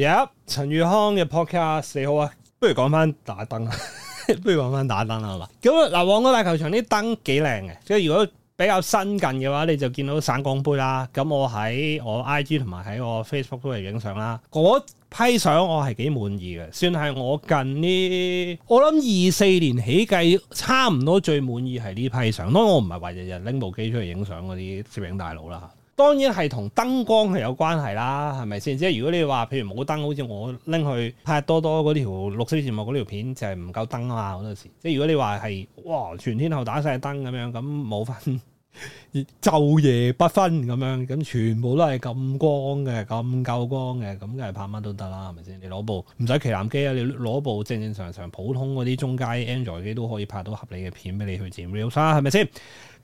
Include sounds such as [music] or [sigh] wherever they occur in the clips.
有、yep，陳宇康嘅 Podcast 四號啊，不如講翻打燈啊， [laughs] 不如講翻打燈啦，好嘛？咁嗱，旺角大球場啲燈幾靚嘅，即係如果比較新近嘅話，你就見到散光杯啦。咁我喺我 IG 同埋喺我 Facebook 都係影相啦，嗰批相我係幾滿意嘅，算係我近呢，我諗二四年起計，差唔多最滿意係呢批相，當然我唔係話日日拎部機出嚟影相嗰啲攝影大佬啦。當然係同燈光係有關係啦，係咪先？即係如果你話譬如冇燈，好似我拎去拍多多嗰條綠色節目嗰條片就係唔夠燈啊！好多時，即係如果你話係哇全天候打晒燈咁樣，咁冇分晝 [laughs] 夜不分咁樣，咁全部都係咁光嘅、咁夠光嘅，咁梗係拍乜都得啦，係咪先？你攞部唔使旗艦機啊，你攞部正正常常普通嗰啲中階 Android 機都可以拍到合理嘅片俾你去剪 reels，係咪先？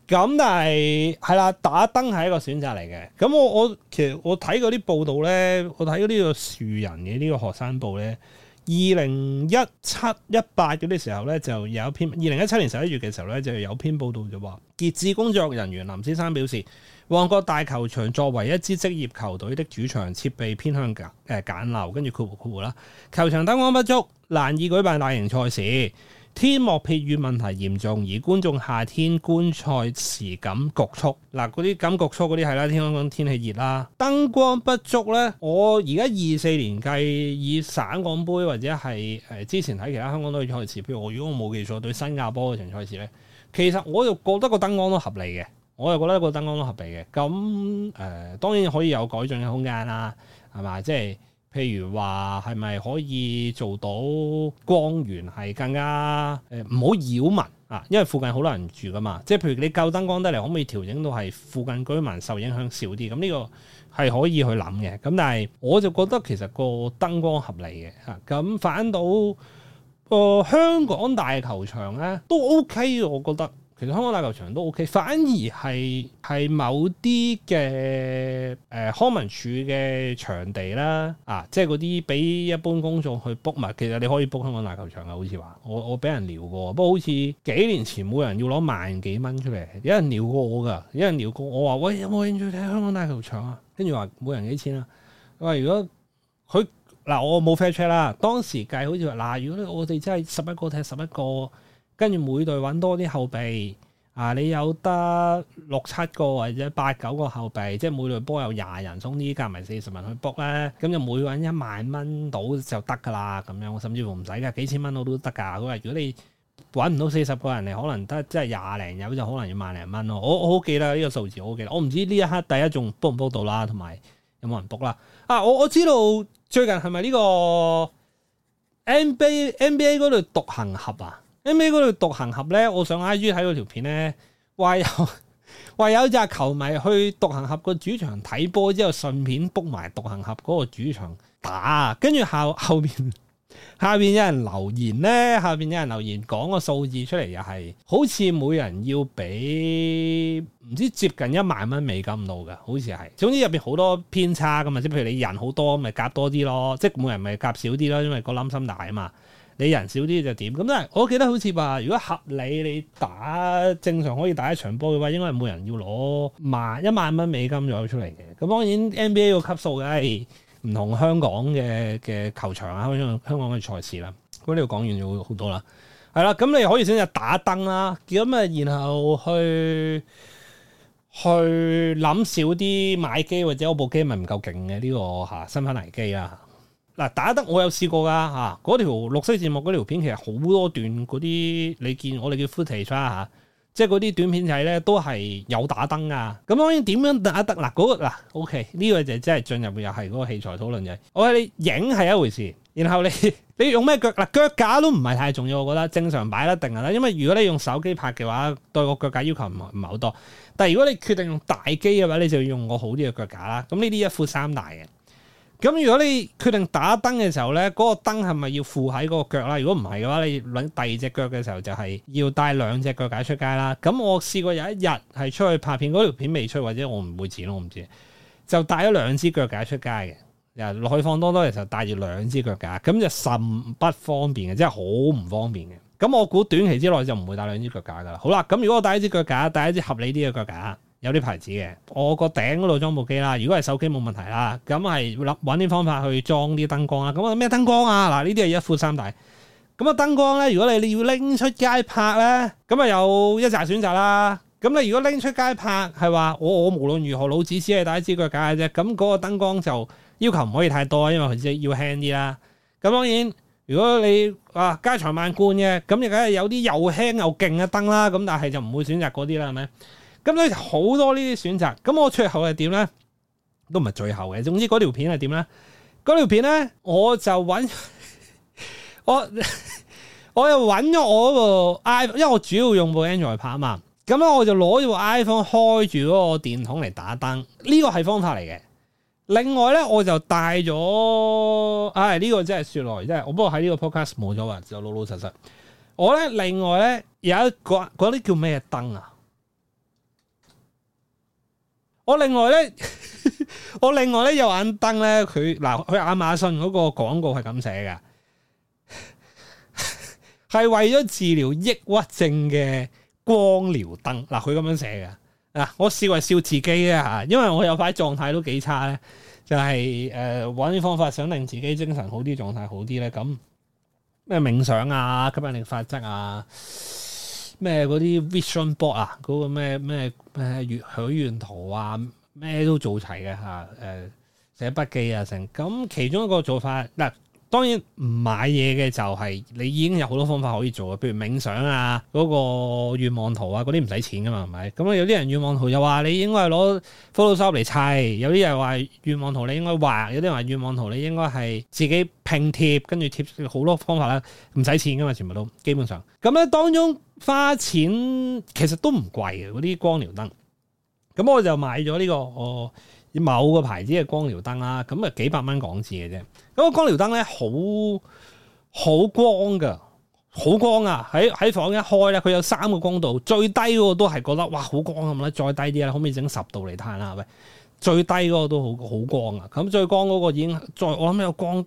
咁但係係啦，打燈係一個選擇嚟嘅。咁我我其實我睇嗰啲報道呢，我睇過呢個樹人嘅呢個學生報呢，二零一七一八嗰啲時候呢，就有一篇二零一七年十一月嘅時候呢，就有篇報道就話，傑志工作人員林先生表示，旺角大球場作為一支職業球隊的主場，設備偏向簡誒簡陋，跟住括弧括弧啦，球場燈光不足，難以舉辦大型賽事。天幕撇雨問題嚴重，而觀眾夏天觀賽時感局促。嗱、呃，嗰啲感局促嗰啲係啦，香港天氣熱啦，燈光不足呢。我而家二四年計以省港杯或者係誒、呃、之前喺其他香港隊賽事，譬如我如果我冇記錯對新加坡嗰場賽事呢，其實我就覺得個燈光都合理嘅，我又覺得個燈光都合理嘅。咁誒、呃，當然可以有改進嘅空間啦，係嘛？即係。譬如話係咪可以做到光源係更加誒唔好擾民啊？因為附近好多人住㗎嘛，即係譬如你夠燈光得嚟，可唔可以調整到係附近居民受影響少啲？咁、嗯、呢、呢個係可以去諗嘅。咁但係我就覺得其實個燈光合理嘅嚇。咁、啊、反倒個、呃、香港大球場咧都 OK，我覺得。其實香港大球場都 OK，反而係係某啲嘅誒康文署嘅場地啦，啊，即係嗰啲俾一般公眾去 book，埋，其實你可以 book 香，香港大球場啊。好似話我我俾人撩過，不過好似幾年前每人要攞萬幾蚊出嚟，有人撩過我噶，有人撩過我話喂，有冇興趣睇香港大球場啊？跟住話每人幾錢啊？佢如果佢嗱我冇 fair check 啦，當時計好似話嗱，如果我哋真係十一個踢十一個。跟住每隊揾多啲後備啊，你有得六七個或者八九個後備，即係每隊波有廿人送，總之加埋四十人去卜咧，咁就每揾一，一萬蚊到就得噶啦咁樣。甚至乎唔使噶，幾千蚊我都得噶。佢話如果你揾唔到四十個人嚟，你可能得即係廿零有，就可能要萬零蚊咯。我我好記得呢、呢個數字，我記得我唔知呢一刻第一仲卜唔卜到啦，同埋有冇人卜啦。啊，我我知道最近係咪呢個 NBA NBA 嗰度獨行俠啊？喺尾嗰度獨行俠咧，我上 I G 睇到條片咧，話有話有隻球迷去獨行俠個主場睇波之後，順便 book 埋獨行俠嗰個主場打。跟住後後邊下邊有人留言咧，下邊有人留言講個數字出嚟，又係好似每人要俾唔知接近一萬蚊美金到嘅，好似係。總之入邊好多偏差噶嘛，即譬如你人好多，咪夾多啲咯，即係每人咪夾少啲咯，因為個冧心大啊嘛。你人少啲就點？咁都係，我記得好似話，如果合理你打正常可以打一場波嘅話，應該每人要攞萬一萬蚊美金咗出嚟嘅。咁當然 NBA 個級數嘅係唔同香港嘅嘅球場啊，香港嘅賽事啦。咁呢度講完咗好多啦。係啦，咁你可以選擇打燈啦，咁啊，然後去去諗少啲買機，或者我部機咪唔夠勁嘅呢個嚇身份危機啦。嗱，打得我有試過噶嚇，嗰、啊、條綠色節目，嗰條片其實好多段嗰啲，你見我哋叫 footage 吓、啊，即係嗰啲短片就係咧，都係有打燈啊。咁當然點樣打得？嗱、啊，嗰、那、嗱、個啊、OK，呢個就真係進入又係嗰個器材討論嘅。我話你影係一回事，然後你 [laughs] 你用咩腳嗱、啊、腳架都唔係太重要，我覺得正常擺得定噶啦。因為如果你用手機拍嘅話，對個腳架要求唔唔係好多。但係如果你決定用大機嘅話，你就要用個好啲嘅腳架啦。咁呢啲一副三大嘅。咁如果你決定打燈嘅時候咧，嗰個燈係咪要附喺嗰個腳啦？如果唔係嘅話，你揾第二隻腳嘅時候就係要帶兩隻腳架出街啦。咁我試過有一日係出去拍片，嗰條片未出或者我唔會剪，我唔知，就帶咗兩支腳架出街嘅。然後落去放多多嘅時候帶住兩支腳架，咁就甚不方便嘅，真係好唔方便嘅。咁我估短期之內就唔會帶兩支腳架噶啦。好啦，咁如果我帶一支腳架，帶一支合理啲嘅腳架。有啲牌子嘅，我個頂度裝部機啦。如果係手機冇問題啦，咁係揾啲方法去裝啲燈光啦。咁啊咩燈光啊？嗱，那個，呢啲係一夫三仔。咁啊燈光咧，如果你你要拎出街拍咧，咁啊有一紮選擇啦。咁你如果拎出街拍，係話我我無論如何，老子只係帶一支腳架嘅啫。咁，那，嗰個燈光就要求唔可以太多，因為佢要輕啲啦。咁當然，如果你啊家財萬貫嘅，咁亦梗係有啲又輕又勁嘅燈啦。咁但係就唔會選擇嗰啲啦，係咪？咁咧好多呢啲選擇，咁我最後係點咧？都唔係最後嘅。總之嗰條片係點咧？嗰條片咧，我就揾 [laughs] 我， [laughs] 我又揾咗我嗰部 iPhone，因為我主要用部 Android 拍啊嘛。咁咧，我就攞住部 iPhone 開住嗰個電筒嚟打燈，呢個係方法嚟嘅。另外咧，我就帶咗，唉、哎，呢、這個真係説來，真係我不過喺呢個 podcast 冇咗話，就老老實實。我咧另外咧有一個嗰啲、那個、叫咩燈啊？我另外咧， [laughs] 我另外咧有盞燈咧，佢嗱，佢亞馬遜嗰個廣告係咁寫嘅，係 [laughs] 為咗治療抑鬱症嘅光療燈。嗱，佢咁樣寫嘅嗱，我笑一笑自己啊吓，因為我有排狀態都幾差咧，就係、是、誒，揾、呃、啲方法想令自己精神好啲，狀態好啲咧，咁咩冥想啊、吸引力法則啊。咩嗰啲 vision board 啊，嗰個咩咩咩許願圖啊，咩都做齊嘅吓，誒、呃，寫筆記啊成咁，其中一個做法嗱。呃當然唔買嘢嘅就係你已經有好多方法可以做嘅，譬如冥想啊、嗰個願望圖啊、嗰啲唔使錢噶嘛，係咪？咁啊，有啲人願望圖又話你應該係攞 Photoshop 嚟砌，有啲人話願望圖你應該畫，有啲人話願望圖你應該係自己拼貼，跟住貼好多方法啦，唔使錢噶嘛，全部都，全部都，基本上。咁咧當中花錢其實都唔貴嘅，嗰啲光療燈。咁我就買咗呢個哦。呃某個牌子嘅光療燈啦，咁啊幾百蚊港紙嘅啫。咁個光療燈咧，好好光噶，好光啊！喺喺房一開咧，佢有三個光度，最低嗰個都係覺得哇，好光咁啦。再低啲啦，可唔可以整十度嚟嘆啦？係咪？最低嗰個都好好光啊！咁最光嗰個已經再我諗有光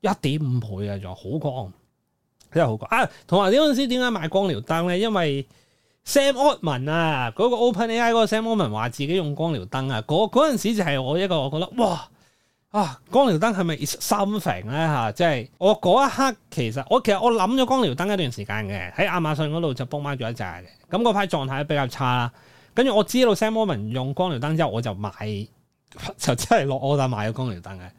一點五倍啊，仲好光，真係好光啊！同埋呢陣時點解買光療燈咧？因為 Sam Altman th 啊，嗰個 Open AI 嗰個 Sam Altman 話自己用光療燈啊，嗰嗰陣時就係我一個，我覺得哇啊，光療燈係咪 something 咧、啊、吓？即係我嗰一刻，其實我其實我諗咗光療燈一段時間嘅，喺亞馬遜嗰度就 buy 咗一扎嘅，咁嗰塊狀態比較差啦。跟住我知道 Sam Altman 用光療燈之後，我就買，就真係落我就買咗光療燈嘅。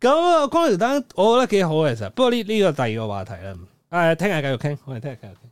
咁、啊、光療燈我覺得幾好嘅，其實，不過呢、這、呢、個這個第二個話題啦，誒、呃，聽日繼續傾，我哋聽日繼續傾。